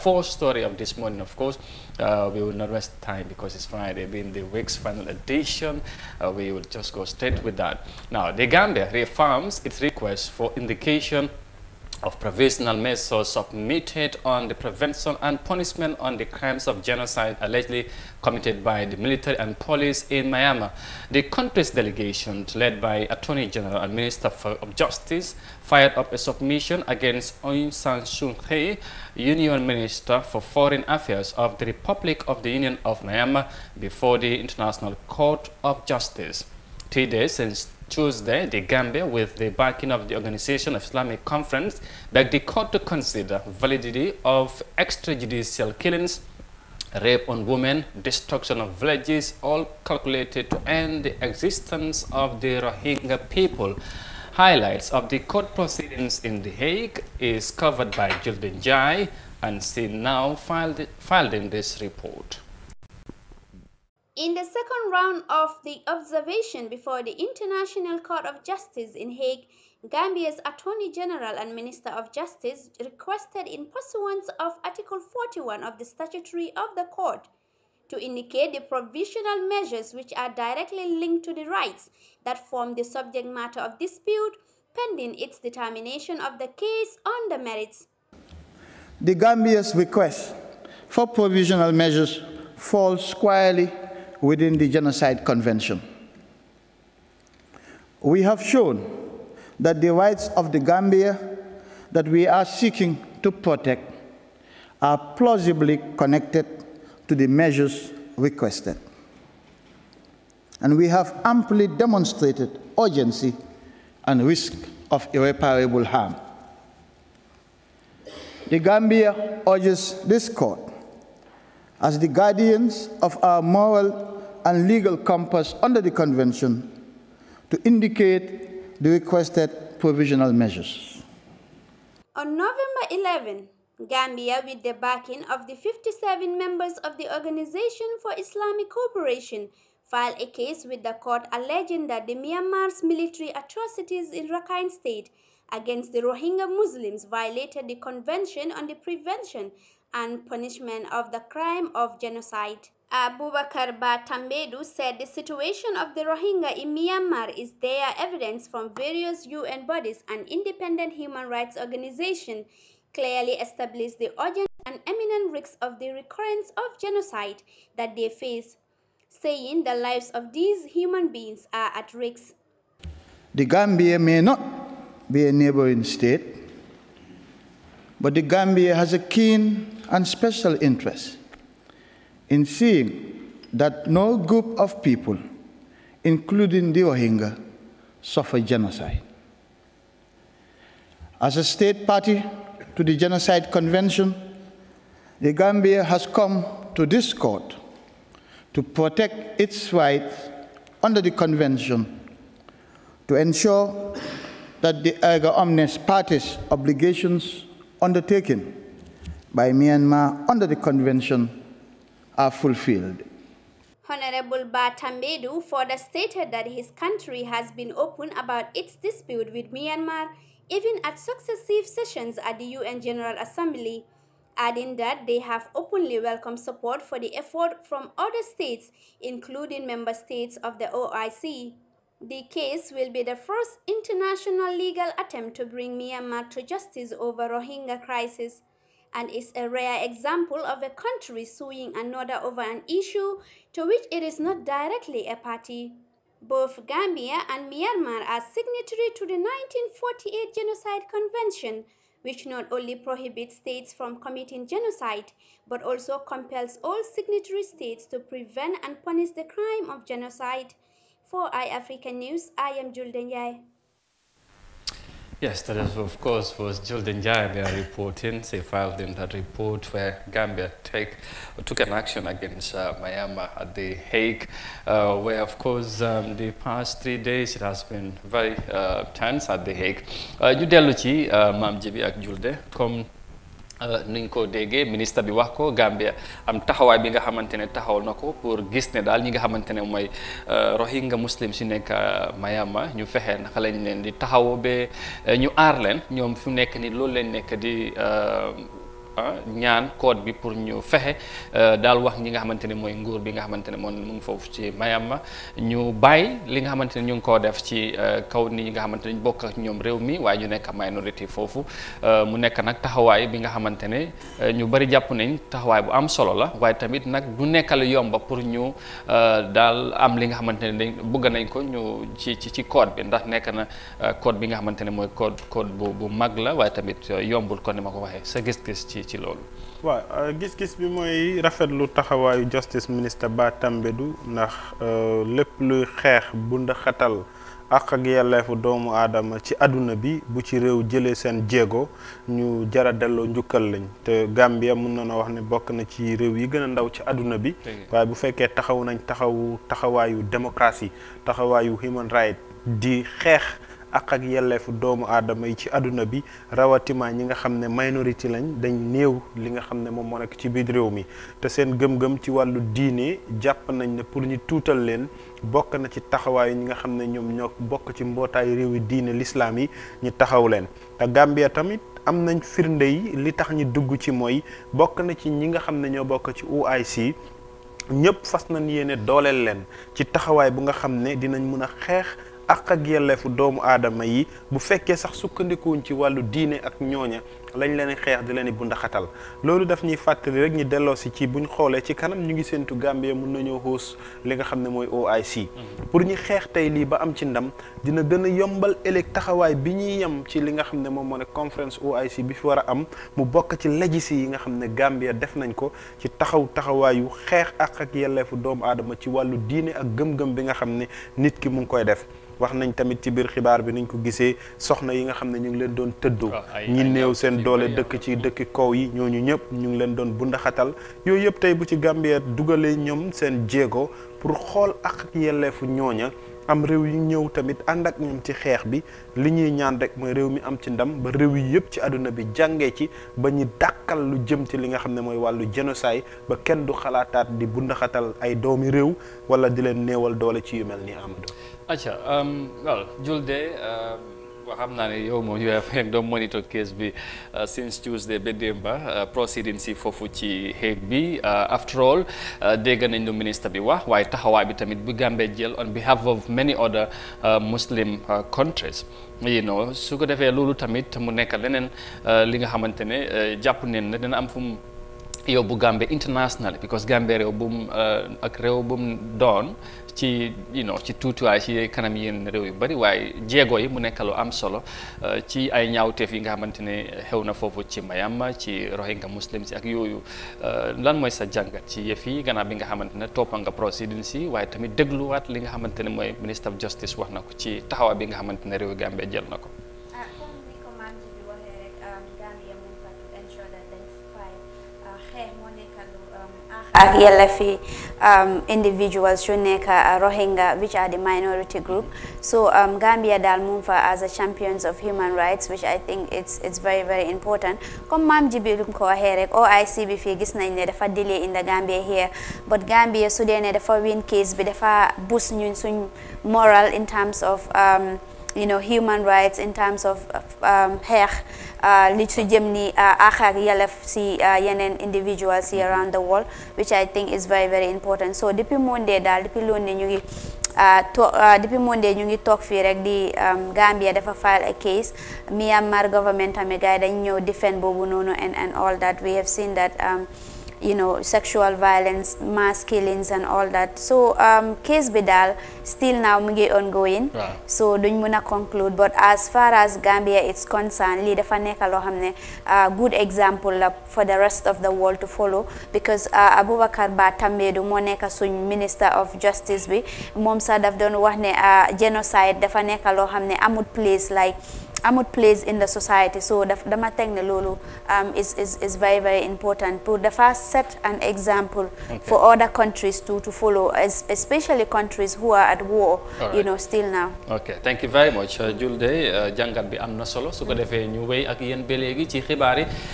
Fourth story of this morning, of course, uh, we will not waste time because it's Friday, being the week's final edition. Uh, we will just go straight with that. Now, the Gambia reaffirms its request for indication of provisional measures submitted on the prevention and punishment on the crimes of genocide allegedly committed by the military and police in Myanmar. The country's delegation, led by Attorney General and Minister of Justice, fired up a submission against Aung San Suu Kyi, Union Minister for Foreign Affairs of the Republic of the Union of Myanmar, before the International Court of Justice. Today, since Tuesday, the Gambia, with the backing of the Organization of Islamic Conference, begged the court to consider validity of extrajudicial killings rape on women, destruction of villages, all calculated to end the existence of the Rohingya people. Highlights of the court proceedings in The Hague is covered by Jordan Jai and seen now filed, filed in this report. In the second round of the observation before the International Court of Justice in Hague, Gambia's Attorney General and Minister of Justice requested in pursuance of Article 41 of the Statutory of the Court to indicate the provisional measures which are directly linked to the rights that form the subject matter of dispute pending its determination of the case on the merits. The Gambia's request for provisional measures falls squarely within the Genocide Convention. We have shown that the rights of the Gambia that we are seeking to protect are plausibly connected to the measures requested. And we have amply demonstrated urgency and risk of irreparable harm. The Gambia urges this court as the guardians of our moral and legal compass under the Convention, to indicate the requested provisional measures. On November 11, Gambia, with the backing of the 57 members of the Organization for Islamic Cooperation, filed a case with the court alleging that the Myanmar's military atrocities in Rakhine State against the Rohingya Muslims violated the Convention on the Prevention and punishment of the crime of genocide. Abubakar Batambedu said the situation of the Rohingya in Myanmar is there evidence from various UN bodies and independent human rights organizations clearly established the urgent and imminent risks of the recurrence of genocide that they face, saying the lives of these human beings are at risk. The Gambia may not be a neighboring state, but the Gambia has a keen and special interest in seeing that no group of people, including the Rohingya, suffer genocide. As a state party to the Genocide Convention, the Gambia has come to this court to protect its rights under the Convention to ensure that the erga omnes parties obligations undertaken by Myanmar under the convention are fulfilled. Honorable Batambedu further stated that his country has been open about its dispute with Myanmar even at successive sessions at the UN General Assembly, adding that they have openly welcomed support for the effort from other states, including member states of the OIC. The case will be the first international legal attempt to bring Myanmar to justice over Rohingya crisis and is a rare example of a country suing another over an issue to which it is not directly a party. Both Gambia and Myanmar are signatory to the 1948 Genocide Convention, which not only prohibits states from committing genocide, but also compels all signatory states to prevent and punish the crime of genocide. For iAfrican News, I am Julden Yai. Yes, that is, of course was Jordan Jaya reporting. They filed in that report where Gambia take, took an action against uh, Myanmar at The Hague, uh, where, of course, um, the past three days it has been very uh, tense at The Hague. Uh, ñu dellu ci uh, maam Euh, nuñ ko déggee ministre bi wax ko Gambia am taxawaay bi nga xamante ne taxaw na ko pour gis ne daal ñi nga xamante ne mooy euh, Rohingya muslim si nekk euh, Myanmar ñu fexee naka lañ leen di taxawoo ba ñu aar leen ñoom fu nekk ni loolu leen nekk di Ah, ñaan code bi pour ñu fexe euh, dal wax ñi nga xamante ne mooy nguur bi nga xamante ne mu ngi ci Mayama ñu bay li nga xamante ne ñu ngi koo def ci euh, kaw ni nga xamante ne ñu bokk ak ñoom réew mi waaye ñu nekk euh, mu nekk nag taxawaay bi nga xamante ñu bari jàpp nañ Tahawai bu am solo la waaye tamit neka du nekkal yomba pour ñu dal am li nga xamante ne dañ bëgg nañ ko ñu ci ci code bi ndax nekk na code bi nga xamante ne code code bu bu mag la waaye tamit yombul ko ni ma ko sa gis-gis ci ci loolu. waaw euh, gis-gis bi mooy rafet lu taxawaayu justice ministre Ba Tambédou ndax euh, lépp luy xeex bu ndaxatal àq ak yelleefu doomu aadama ci àdduna bi bu ci réew jëlee seen jéego ñu jara delloo njukkal lañ te Gambia mun na wax ne bokk na ci réew yi gën a ndaw ci àdduna bi. waaye bu fekkee taxaw nañ taxawu taxawaayu démocratie taxawaayu human right di xeex. ak ak yelleefu doomu aadama yi ci àdduna bi rawatima ñi nga xam ne minorité lañ dañ néew li nga xam ne moom moo nekk ci biir réew mi te seen gëm-gëm ci wàllu diine jàpp nañ ne pour ñu tuutal leen bokk na ci taxawaayu ñi nga xam ne ñoom ñoo bokk ci mbootaayu réew yi diine lislaam yi ñu taxaw leen te Gambia tamit am nañ firnde yi li tax ñu dugg ci mooy bokk na ci ñi nga xam ne ñoo bokk ci OIC ñëpp fas nañ yéene dooleel leen ci taxawaay bu nga xam ne dinañ mën a xeex ak ak yelleefu doomu aadama yi bu fekkee sax sukkandikuwuñ ci wàllu diine ak ñooña lañ leen xeex di leen bu loolu daf ñuy fàttali rek ñu delloo si ci buñ xoolee ci kanam ñu ngi séentu Gambie mun nañoo hoos li nga xam ne mooy OIC. pour ñu xeex tey lii ba am ci ndam dina gën a yombal ëllëg taxawaay bi ñuy yem ci li nga xam ne moom moo ne conférence OIC bi fi war a am mu bokk ci légis yi nga xam ne Gambie def nañ ko ci taxaw taxawaayu xeex ak ak yelleefu doomu aadama ci wàllu diine ak gëm bi nga xam ne nit ki mu ngi koy def. wax nañ tamit ci biir xibaar bi niñ ko gisee soxna yi nga xam ne ñu ngi leen doon tëddoo ah, ñi néew seen doole dëkk ci dëkki kow yi ñooñu ñëpp ñu ngi leen doon bundaxatal yooyu yëpp tey bu ci Gambia dugalee ñoom seen jéego pour xool ak yelleefu ñooña am réew yu ñëw tamit ànd ak ñoom ci xeex bi li ñuy ñaan rek mooy réew mi am ci ndam ba réew yi yëpp ci àdduna bi jàngee ci ba ñu dàkkal lu jëm ci li nga xam ne mooy wàllu génocide ba kenn du xalaataat di bundaxatal ay doomi réew wala di leen néewal doole ci yu mel ni Amadou. acca waaw Julde. ko xam naa ne yow moom you have been doon monitor case bi uh, since Tuesday ba démba uh, proceedings yi foofu ci Hague bi uh, after all dégg nañ lu ministre bi wax waaye taxawaay bi tamit bu Gambia jël on behalf of many other Muslim countries you know su ko defee loolu tamit mu nekk leneen li nga xamante ne jàpp neen ne dina am fu mu yóbbu Gambie international because Gambie réew bu mu uh, ak réew bu mu doon ci you know ci tuutiwaay ci kanam yéen réew yu bari waaye jéego yi mu nekk lu am solo uh, ci ay ñaawteef yi nga xamante ne xew na foofu ci Mayama ci Rohingya muslim si ak yooyu uh, lan mooy sa jàngat ci yëf yi gannaaw bi nga xamante ne toppa nga procédure si waaye tamit dégluwaat li nga xamante ne mooy ministre of justice wax na ko ci taxawaay bi nga xamante ne réew Gambie jël na ko. ELFE um, individuals, Shuneka, uh, Rohingya, which are the minority group. So um, Gambia Dalmunfa as a champions of human rights, which I think it's it's very very important. Comme mam jibilum ko herek OIC bi fi gis nañ delay in the Gambia here, but Gambia su dee ne win case bi boost nyun suñ moral in terms of um, you know human rights in terms of um, health li su jëm ni àq ak yelef si around the world which I think is very very important so depuis Monday daal depuis lundi ñu ngi uh, uh, depuis Monday ñu ngi toog fii rek di um, Gambia dafa file a case Myanmar government I mean, yi dañ ñëw defend Bobunono and and all that we have seen that um, you know sexual violence mass killings and all that so um, case bi daal still now mu ngi ongoing so duñ mën a conclude but as far as Gambia is concerned lii dafa nekk loo xam ne uh, good example la for the rest of the world to follow because uh, Aboubacar Ba Tambadou moo nekk suñ minister of justice bi moom sa daf doon wax ne uh, genocide dafa nekk loo xam ne amut place like amut place in the society so dama teg ne loolu um, is is is very very important pour dafa set an example for other countries to to follow especially countries who are at war you know still now ok thank you very much uh, Julde uh, jàngat bi am na solo su ko defee ñu wéy ak yéen ba léegi ci xibaar yi